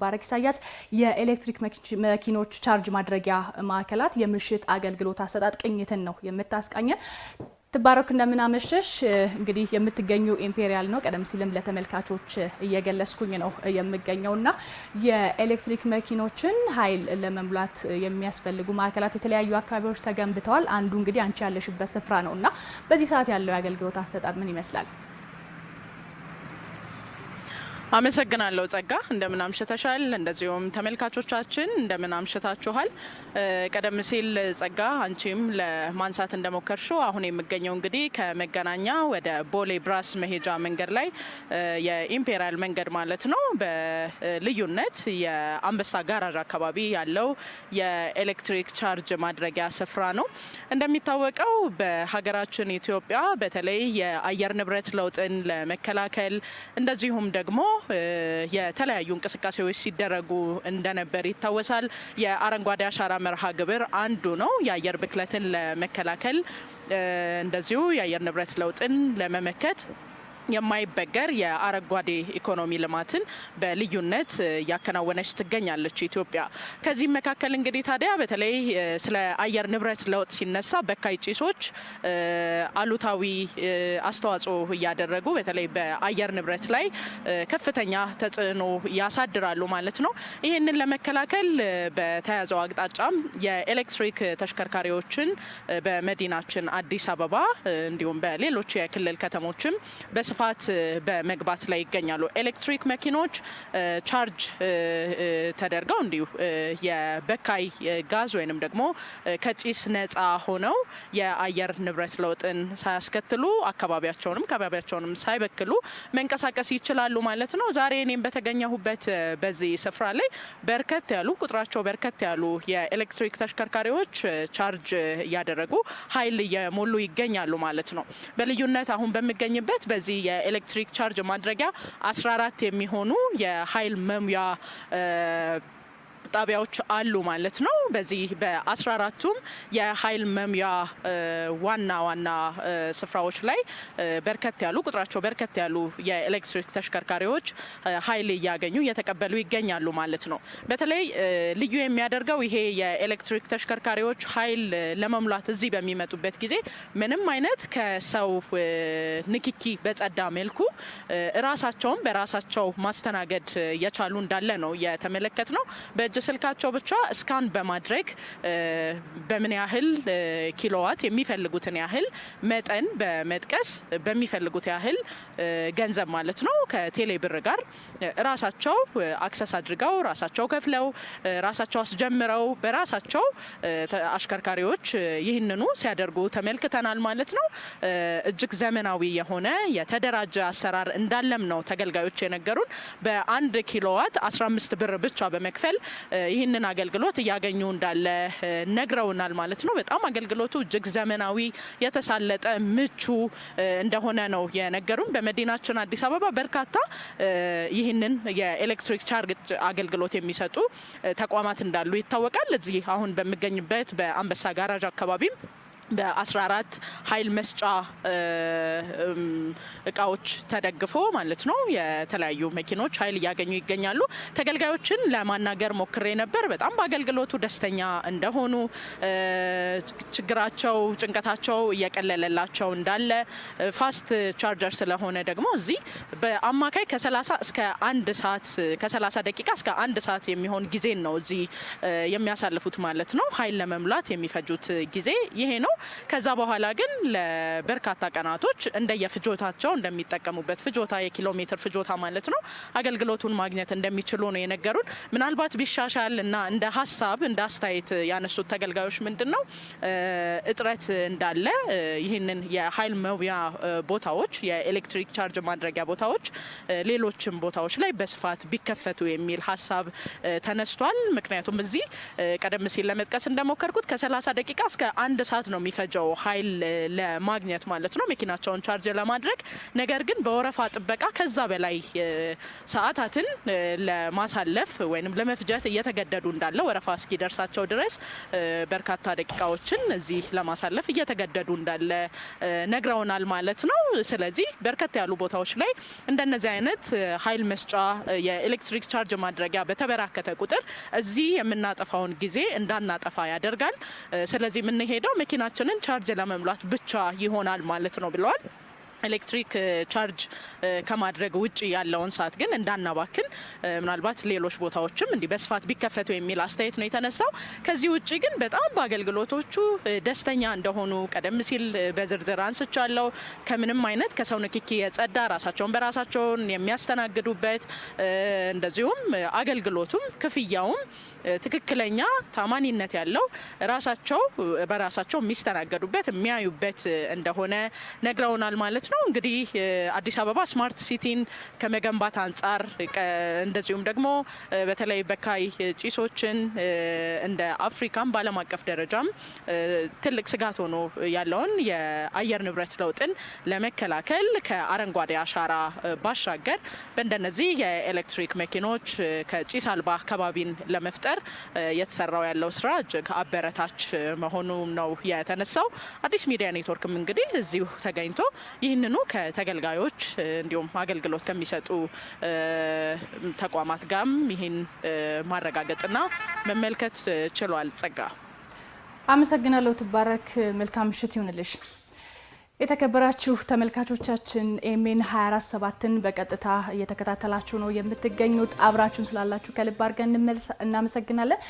ሙባረክ ኢሳያስ የኤሌክትሪክ መኪኖች ቻርጅ ማድረጊያ ማዕከላት የምሽት አገልግሎት አሰጣጥ ቅኝትን ነው የምታስቃኘን። ትባረክ እንደምናመሸሽ። እንግዲህ የምትገኙ ኢምፔሪያል ነው። ቀደም ሲልም ለተመልካቾች እየገለጽኩኝ ነው የምገኘው እና የኤሌክትሪክ መኪኖችን ኃይል ለመሙላት የሚያስፈልጉ ማዕከላት የተለያዩ አካባቢዎች ተገንብተዋል። አንዱ እንግዲህ አንቺ ያለሽበት ስፍራ ነው እና በዚህ ሰዓት ያለው የአገልግሎት አሰጣጥ ምን ይመስላል? አመሰግናለሁ ጸጋ፣ እንደምን አምሽተሻል? እንደዚሁም ተመልካቾቻችን እንደምን አምሽታችኋል? ቀደም ሲል ጸጋ አንቺም ለማንሳት እንደሞከርሽው አሁን የሚገኘው እንግዲህ ከመገናኛ ወደ ቦሌ ብራስ መሄጃ መንገድ ላይ የኢምፔሪያል መንገድ ማለት ነው በልዩነት የአንበሳ ጋራዥ አካባቢ ያለው የኤሌክትሪክ ቻርጅ ማድረጊያ ስፍራ ነው። እንደሚታወቀው በሀገራችን ኢትዮጵያ በተለይ የአየር ንብረት ለውጥን ለመከላከል እንደዚሁም ደግሞ የተለያዩ እንቅስቃሴዎች ሲደረጉ እንደነበር ይታወሳል። የአረንጓዴ አሻራ መርሃ ግብር አንዱ ነው። የአየር ብክለትን ለመከላከል እንደዚሁ የአየር ንብረት ለውጥን ለመመከት የማይበገር የአረንጓዴ ኢኮኖሚ ልማትን በልዩነት እያከናወነች ትገኛለች ኢትዮጵያ። ከዚህም መካከል እንግዲህ ታዲያ በተለይ ስለ አየር ንብረት ለውጥ ሲነሳ በካይ ጭሶች አሉታዊ አስተዋጽኦ እያደረጉ በተለይ በአየር ንብረት ላይ ከፍተኛ ተጽዕኖ ያሳድራሉ ማለት ነው። ይህንን ለመከላከል በተያዘው አቅጣጫም የኤሌክትሪክ ተሽከርካሪዎችን በመዲናችን አዲስ አበባ እንዲሁም በሌሎች የክልል ከተሞችም በስፋ በስፋት በመግባት ላይ ይገኛሉ። ኤሌክትሪክ መኪኖች ቻርጅ ተደርገው እንዲሁ የበካይ ጋዝ ወይንም ደግሞ ከጭስ ነጻ ሆነው የአየር ንብረት ለውጥን ሳያስከትሉ አካባቢያቸውንም አካባቢያቸውንም ሳይበክሉ መንቀሳቀስ ይችላሉ ማለት ነው። ዛሬ እኔም በተገኘሁበት በዚህ ስፍራ ላይ በርከት ያሉ ቁጥራቸው በርከት ያሉ የኤሌክትሪክ ተሽከርካሪዎች ቻርጅ እያደረጉ ኃይል እየሞሉ ይገኛሉ ማለት ነው። በልዩነት አሁን በምገኝበት በዚህ የኤሌክትሪክ ቻርጅ ማድረጊያ 14 የሚሆኑ የኃይል መሙያ ጣቢያዎች አሉ ማለት ነው። በዚህ በአስራ 14 የኃይል መሙያ ዋና ዋና ስፍራዎች ላይ በርከት ያሉ ቁጥራቸው በርከት ያሉ የኤሌክትሪክ ተሽከርካሪዎች ኃይል እያገኙ እየተቀበሉ ይገኛሉ ማለት ነው። በተለይ ልዩ የሚያደርገው ይሄ የኤሌክትሪክ ተሽከርካሪዎች ኃይል ለመሙላት እዚህ በሚመጡበት ጊዜ ምንም አይነት ከሰው ንክኪ በጸዳ መልኩ እራሳቸውን በራሳቸው ማስተናገድ የቻሉ እንዳለ ነው የተመለከት ነው በእጅ ስልካቸው ብቻ እስካን በማድረግ በምን ያህል ኪሎዋት የሚፈልጉትን ያህል መጠን በመጥቀስ በሚፈልጉት ያህል ገንዘብ ማለት ነው ከቴሌ ብር ጋር ራሳቸው አክሰስ አድርገው ራሳቸው ከፍለው ራሳቸው አስጀምረው በራሳቸው አሽከርካሪዎች ይህንኑ ሲያደርጉ ተመልክተናል ማለት ነው። እጅግ ዘመናዊ የሆነ የተደራጀ አሰራር እንዳለም ነው ተገልጋዮች የነገሩን። በአንድ ኪሎዋት 15 ብር ብቻ በመክፈል ይህንን አገልግሎት እያገኙ እንዳለ ነግረውናል ማለት ነው። በጣም አገልግሎቱ እጅግ ዘመናዊ፣ የተሳለጠ፣ ምቹ እንደሆነ ነው የነገሩን። በመዲናችን አዲስ አበባ በርካታ ይህንን የኤሌክትሪክ ቻርጅ አገልግሎት የሚሰጡ ተቋማት እንዳሉ ይታወቃል። እዚህ አሁን በምገኝበት በአንበሳ ጋራጅ አካባቢም በ14 ኃይል መስጫ እቃዎች ተደግፎ ማለት ነው የተለያዩ መኪኖች ኃይል እያገኙ ይገኛሉ። ተገልጋዮችን ለማናገር ሞክሬ ነበር። በጣም በአገልግሎቱ ደስተኛ እንደሆኑ፣ ችግራቸው፣ ጭንቀታቸው እየቀለለላቸው እንዳለ ፋስት ቻርጀር ስለሆነ ደግሞ እዚህ በአማካይ ከ30 እስከ አንድ ሰዓት ከ30 ደቂቃ እስከ አንድ ሰዓት የሚሆን ጊዜን ነው እዚህ የሚያሳልፉት ማለት ነው። ኃይል ለመሙላት የሚፈጁት ጊዜ ይሄ ነው። ከዛ በኋላ ግን ለበርካታ ቀናቶች እንደየፍጆታቸው እንደሚጠቀሙበት ፍጆታ የኪሎ ሜትር ፍጆታ ማለት ነው አገልግሎቱን ማግኘት እንደሚችሉ ነው የነገሩን። ምናልባት ቢሻሻል እና እንደ ሀሳብ እንደ አስተያየት ያነሱት ተገልጋዮች ምንድን ነው እጥረት እንዳለ ይህንን የኃይል መውያ ቦታዎች የኤሌክትሪክ ቻርጅ ማድረጊያ ቦታዎች ሌሎችም ቦታዎች ላይ በስፋት ቢከፈቱ የሚል ሀሳብ ተነስቷል። ምክንያቱም እዚህ ቀደም ሲል ለመጥቀስ እንደሞከርኩት ከ30 ደቂቃ እስከ አንድ ሰዓት ነው የሚፈጀው ኃይል ለማግኘት ማለት ነው መኪናቸውን ቻርጅ ለማድረግ። ነገር ግን በወረፋ ጥበቃ ከዛ በላይ ሰዓታትን ለማሳለፍ ወይም ለመፍጀት እየተገደዱ እንዳለ ወረፋ እስኪደርሳቸው ድረስ በርካታ ደቂቃዎችን እዚህ ለማሳለፍ እየተገደዱ እንዳለ ነግረውናል ማለት ነው። ስለዚህ በርከት ያሉ ቦታዎች ላይ እንደነዚህ አይነት ኃይል መስጫ የኤሌክትሪክ ቻርጅ ማድረጊያ በተበራከተ ቁጥር እዚህ የምናጠፋውን ጊዜ እንዳናጠፋ ያደርጋል። ስለዚህ የምንሄደው መኪና ስልካችንን ቻርጅ ለመሙላት ብቻ ይሆናል ማለት ነው ብለዋል። ኤሌክትሪክ ቻርጅ ከማድረግ ውጭ ያለውን ሰዓት ግን እንዳናባክን ምናልባት ሌሎች ቦታዎችም እንዲህ በስፋት ቢከፈቱ የሚል አስተያየት ነው የተነሳው። ከዚህ ውጭ ግን በጣም በአገልግሎቶቹ ደስተኛ እንደሆኑ ቀደም ሲል በዝርዝር አንስቻለሁ። ከምንም አይነት ከሰው ንክኪ የጸዳ ራሳቸውን በራሳቸውን የሚያስተናግዱበት እንደዚሁም አገልግሎቱም ክፍያውም ትክክለኛ ታማኒነት ያለው ራሳቸው በራሳቸው የሚስተናገዱበት የሚያዩበት እንደሆነ ነግረውናል ማለት ነው። እንግዲህ አዲስ አበባ ስማርት ሲቲን ከመገንባት አንጻር እንደዚሁም ደግሞ በተለይ በካይ ጭሶችን እንደ አፍሪካም በዓለም አቀፍ ደረጃም ትልቅ ስጋት ሆኖ ያለውን የአየር ንብረት ለውጥን ለመከላከል ከአረንጓዴ አሻራ ባሻገር በእንደነዚህ የኤሌክትሪክ መኪኖች ከጭስ አልባ አካባቢን ለመፍጠር በስተቀር የተሰራው ያለው ስራ እጅግ አበረታች መሆኑ ነው የተነሳው። አዲስ ሚዲያ ኔትወርክም እንግዲህ እዚሁ ተገኝቶ ይህንኑ ከተገልጋዮች እንዲሁም አገልግሎት ከሚሰጡ ተቋማት ጋርም ይህን ማረጋገጥና መመልከት ችሏል። ጸጋ አመሰግናለሁ። ትባረክ። መልካም ምሽት ይሁንልሽ። የተከበራችሁ ተመልካቾቻችን ኤሜን 247ን በቀጥታ እየተከታተላችሁ ነው የምትገኙት። አብራችሁን ስላላችሁ ከልብ አድርገን እናመሰግናለን።